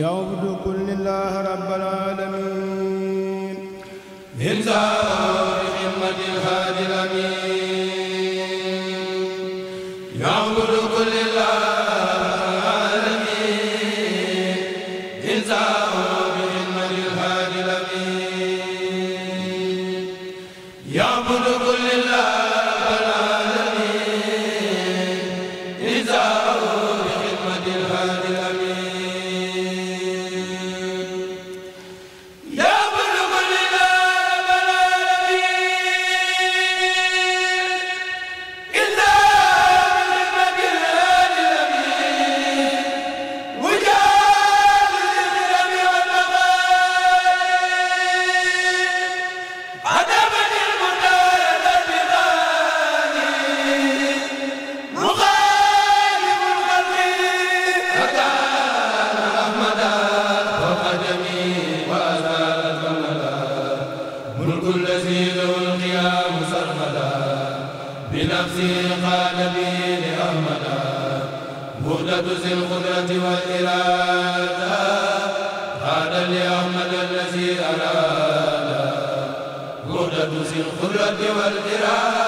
يعبد كل الله رب العالمين انزال حمد الهادي الامين يعبد كل الله العالمين انزال عمدة ذي القدرة والإرادة هذا لأحمد الذي أراد عمدة ذي القدرة والإرادة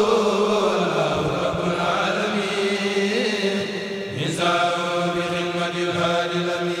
السابق الهادي الأمين